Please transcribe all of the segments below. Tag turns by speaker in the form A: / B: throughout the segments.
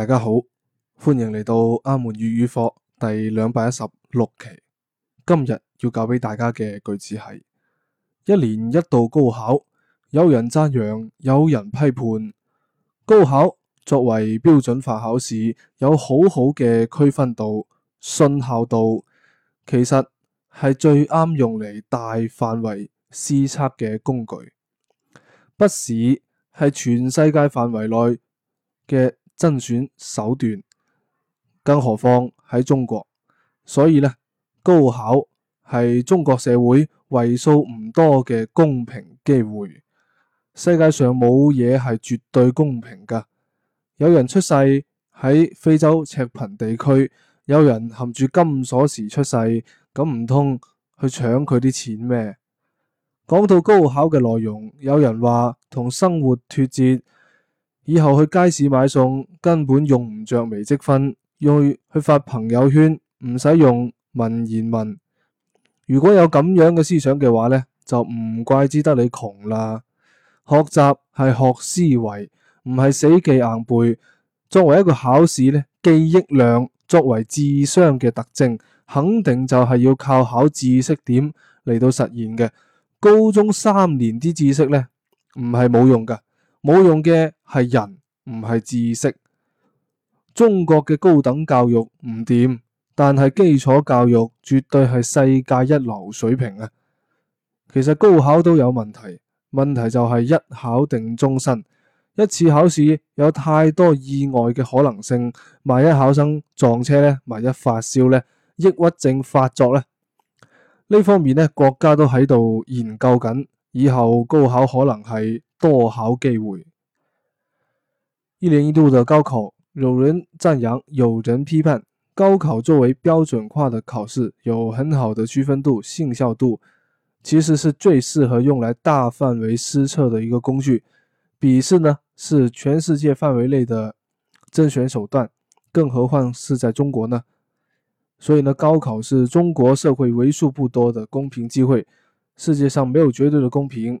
A: 大家好，歡迎嚟到阿門粵語課第兩百一十六期。今日要教俾大家嘅句子係：一年一度高考，有人讚揚，有人批判。高考作為標準化考試，有好好嘅區分度、信效度，其實係最啱用嚟大範圍施測嘅工具。筆試係全世界範圍內嘅甄選手段，更何況喺中國，所以呢，高考係中國社會為數唔多嘅公平機會。世界上冇嘢係絕對公平㗎，有人出世喺非洲赤貧地區，有人含住金鎖匙出世，咁唔通去搶佢啲錢咩？講到高考嘅內容，有人話同生活脫節。以後去街市買餸，根本用唔着微積分，用去,去發朋友圈唔使用,用文言文。如果有咁樣嘅思想嘅話呢，就唔怪之得你窮啦。學習係學思維，唔係死記硬背。作為一個考試呢，記憶量作為智商嘅特徵，肯定就係要靠考知識點嚟到實現嘅。高中三年啲知識呢，唔係冇用噶。冇用嘅係人，唔係知識。中國嘅高等教育唔掂，但係基礎教育絕對係世界一流水平啊。其實高考都有問題，問題就係一考定終身，一次考試有太多意外嘅可能性。萬一考生撞車呢，萬一發燒呢，抑鬱症發作呢，呢方面呢國家都喺度研究緊，以後高考可能係。大好機會。一年一度的高考，有人讚揚，有人批判。高考作為標準化的考試，有很好的區分度、信效度，其實是最適合用來大範圍施測的一個工具。筆試呢，是全世界範圍內的甄選手段，更何況是在中國呢？所以呢，高考是中國社會為數不多的公平機會。世界上沒有絕對的公平。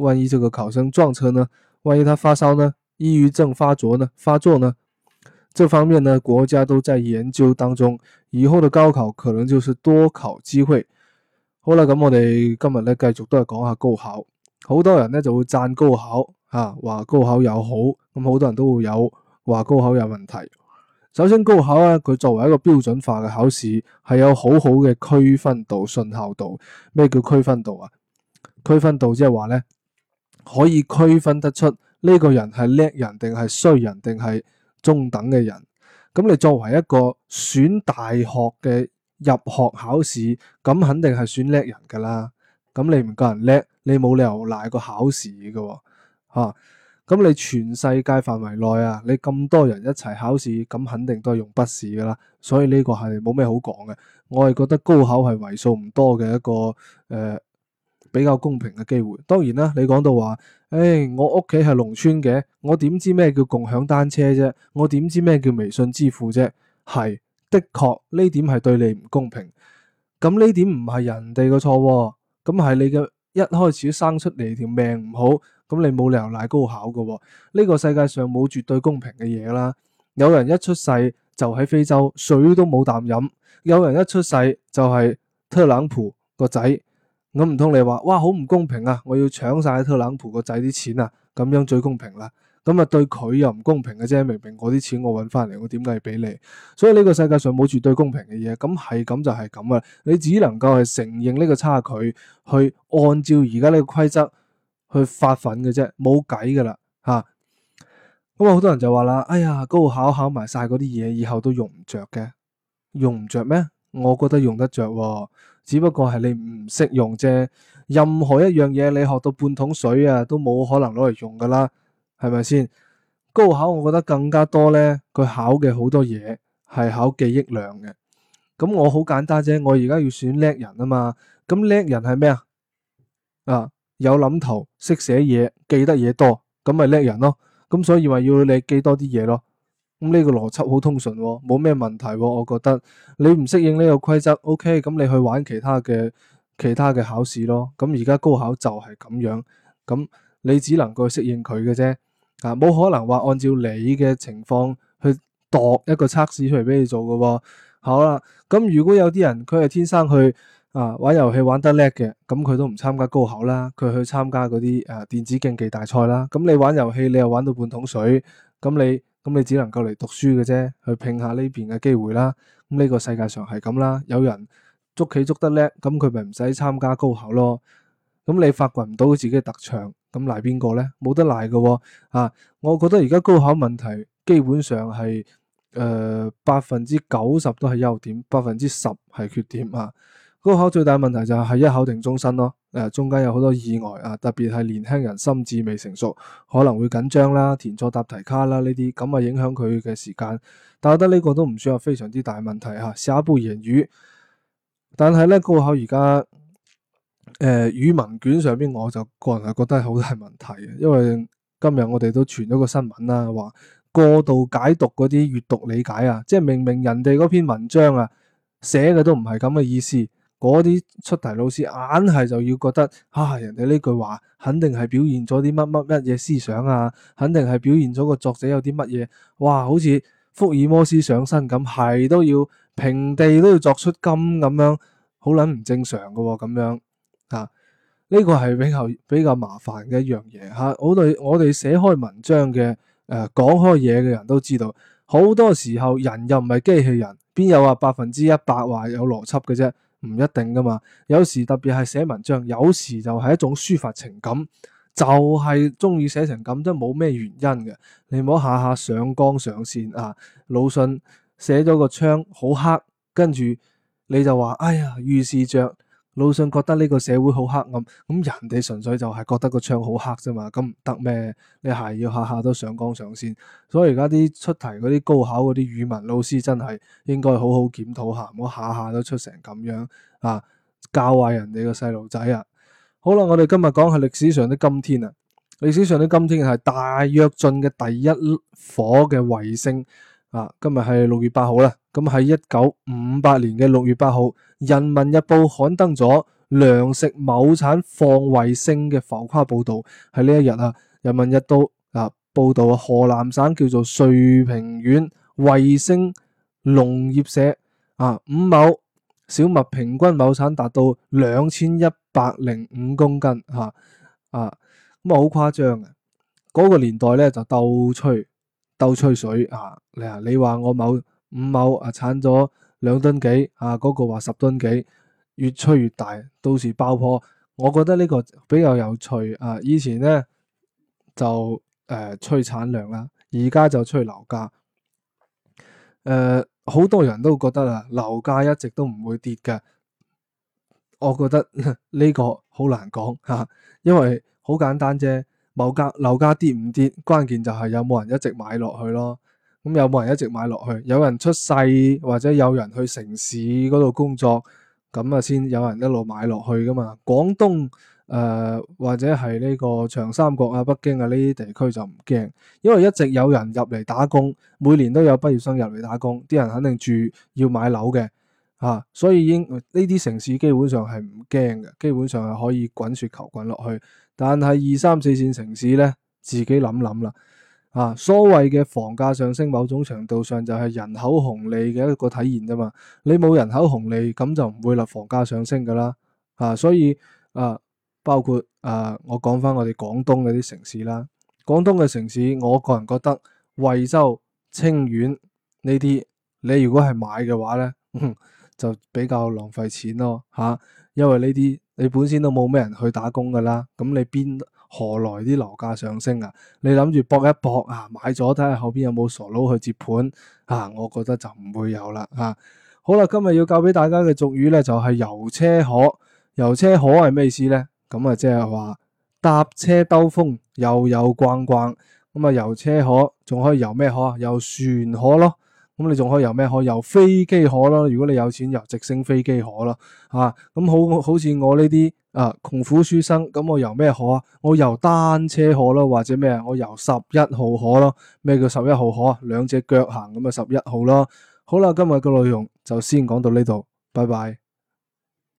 A: 萬一這個考生撞車呢？萬一他發燒呢？抑鬱症發作呢？發作呢？這方面呢，國家都在研究當中。以後的高考可能就是多考機會。好啦，咁、嗯、我哋今日咧繼續都係講下高考。好多人咧就會讚高考，吓、啊、話高考有好。咁、嗯、好多人都會有話高考有問題。首先，高考咧、啊、佢作為一個標準化嘅考試，係有好好嘅區分度、信效度。咩叫區分度啊？區分度即係話咧。可以區分得出呢、這個人係叻人定係衰人定係中等嘅人。咁你作為一個選大學嘅入學考試，咁肯定係選叻人噶啦。咁你唔夠人叻，你冇理由賴個考試嘅、哦。哇、啊！咁你全世界範圍內啊，你咁多人一齊考試，咁肯定都係用筆試噶啦。所以呢個係冇咩好講嘅。我係覺得高考係為數唔多嘅一個誒。呃比較公平嘅機會，當然啦，你講到話，誒、哎，我屋企係農村嘅，我點知咩叫共享單車啫？我點知咩叫微信支付啫？係的確呢點係對你唔公平，咁呢點唔係人哋嘅錯，咁係你嘅一開始生出嚟條命唔好，咁你冇理由賴高考嘅，呢、這個世界上冇絕對公平嘅嘢啦。有人一出世就喺非洲，水都冇啖飲；有人一出世就係特朗普個仔。咁唔通你話哇，好唔公平啊！我要搶晒特朗普個仔啲錢啊！咁樣最公平啦。咁啊對佢又唔公平嘅啫。明明我啲錢我揾翻嚟，我點解要俾你？所以呢個世界上冇絕對公平嘅嘢。咁係咁就係咁啊。你只能夠係承認呢個差距，去按照而家呢個規則去發奮嘅啫。冇計噶啦吓。咁啊，好多人就話啦，哎呀，高考考埋晒嗰啲嘢，以後都用唔着嘅，用唔着咩？我覺得用得着、哦。只不過係你唔識用啫，任何一樣嘢你學到半桶水啊，都冇可能攞嚟用噶啦，係咪先？高考我覺得更加多咧，佢考嘅好多嘢係考記憶量嘅。咁我好簡單啫，我而家要選叻人啊嘛。咁叻人係咩啊？啊，有諗頭，識寫嘢，記得嘢多，咁咪叻人咯。咁所以話要你記多啲嘢咯。咁呢個邏輯好通順喎，冇咩問題喎，我覺得你唔適應呢個規則，OK，咁你去玩其他嘅其他嘅考試咯。咁而家高考就係咁樣，咁你只能夠適應佢嘅啫，啊，冇可能話按照你嘅情況去度一個測試出嚟俾你做㗎喎。好啦，咁如果有啲人佢係天生去啊玩遊戲玩得叻嘅，咁佢都唔參加高考啦，佢去參加嗰啲誒電子競技大賽啦。咁你玩遊戲，你又玩到半桶水，咁你。咁你只能夠嚟讀書嘅啫，去拼下呢邊嘅機會啦。咁呢個世界上係咁啦，有人捉棋捉得叻，咁佢咪唔使參加高考咯。咁你發掘唔到自己嘅特長，咁賴邊個咧？冇得賴嘅，哦。啊，我覺得而家高考問題基本上係誒百分之九十都係優點，百分之十係缺點啊。高考最大問題就係一考定終身咯，誒、呃，中間有好多意外啊，特別係年輕人心智未成熟，可能會緊張啦、填錯答題卡啦呢啲，咁啊影響佢嘅時間。但係我覺得呢個都唔算係非常之大問題吓，下、啊、一部言語，但係咧高考而家，誒、呃，語文卷上邊我就個人係覺得好大問題嘅，因為今日我哋都傳咗個新聞啦、啊，話過度解讀嗰啲閱讀理解啊，即係明明人哋嗰篇文章啊寫嘅都唔係咁嘅意思。嗰啲出題老師硬係就要覺得，吓、啊、人哋呢句話肯定係表現咗啲乜乜乜嘢思想啊，肯定係表現咗個作者有啲乜嘢，哇，好似福爾摩斯上身咁，係都要平地都要作出金咁樣，好捻唔正常㗎、哦，咁樣啊？呢、這個係比較比較麻煩嘅一樣嘢吓、啊，我哋我哋寫開文章嘅誒、呃、講開嘢嘅人都知道，好多時候人又唔係機器人，邊有話百分之一百話有邏輯嘅啫？唔一定噶嘛，有時特別係寫文章，有時就係一種抒發情感，就係中意寫成咁，即冇咩原因嘅。你唔好下下上綱上線啊！魯迅寫咗個窗好黑，跟住你就話，哎呀，預示着。魯迅覺得呢個社會好黑暗，咁人哋純粹就係覺得個窗好黑啫嘛，咁唔得咩？你係要下下都上綱上線，所以而家啲出題嗰啲高考嗰啲語文老師真係應該好好檢討下，唔好下下都出成咁樣啊，教壞人哋個細路仔啊！好啦，我哋今日講係歷史上的今天啊，歷史上的今天係大躍進嘅第一火嘅衛星。啊，今日係六月八號啦，咁喺一九五八年嘅六月八號，《人民日報》刊登咗糧食畝產放衛星嘅浮誇報道，喺呢一日啊，《人民日報》啊報道啊，河南省叫做遂平縣衛星農業社啊，五畝小麥平均畝產達到兩千一百零五公斤，吓啊，咁啊好誇張嘅，嗰、嗰個年代咧就鬥吹。鬥吹水啊！你啊，你話我某五畝啊，產咗兩噸幾啊，嗰個話十噸幾，越吹越大，到時爆破，我覺得呢個比較有趣啊！以前呢就誒、呃、吹產量啦，而家就吹樓價。誒、呃，好多人都覺得啊，樓價一直都唔會跌嘅，我覺得呢個好難講吓、啊，因為好簡單啫。樓價樓價跌唔跌，關鍵就係有冇人一直買落去咯。咁有冇人一直買落去？有人出世或者有人去城市嗰度工作，咁啊先有人一路買落去噶嘛。廣東誒、呃、或者係呢個長三角啊、北京啊呢啲地區就唔驚，因為一直有人入嚟打工，每年都有畢業生入嚟打工，啲人肯定住要買樓嘅啊，所以應呢啲城市基本上係唔驚嘅，基本上係可以滾雪球滾落去。但係二三四線城市呢，自己諗諗啦。啊，所謂嘅房價上升，某種程度上就係人口紅利嘅一個體現啫嘛。你冇人口紅利，咁就唔會立房價上升噶啦。啊，所以啊，包括啊，我講翻我哋廣東嗰啲城市啦。廣東嘅城市，我個人覺得惠州、清遠呢啲，你如果係買嘅話呢，嗯，就比較浪費錢咯嚇。啊。因為呢啲你本身都冇咩人去打工噶啦，咁你邊何來啲樓價上升啊？你諗住搏一搏啊，買咗睇下後邊有冇傻佬去接盤啊？我覺得就唔會有啦啊！好啦，今日要教俾大家嘅俗語咧，就係游車河。游車河係咩意思咧？咁啊，即係話搭車兜風，游遊逛逛。咁啊，游車河仲可以游咩河啊？游船河咯。咁你仲可以遊咩河？遊飛機河咯，如果你有錢，遊直升飛機河咯，吓、啊、咁好好似我呢啲啊窮苦書生，咁我遊咩河？啊？我遊單車河咯，或者咩啊？我遊十一號河咯。咩叫十一號河？啊？兩隻腳行，咁啊，十一號咯。好啦，今日嘅內容就先講到呢度，拜拜。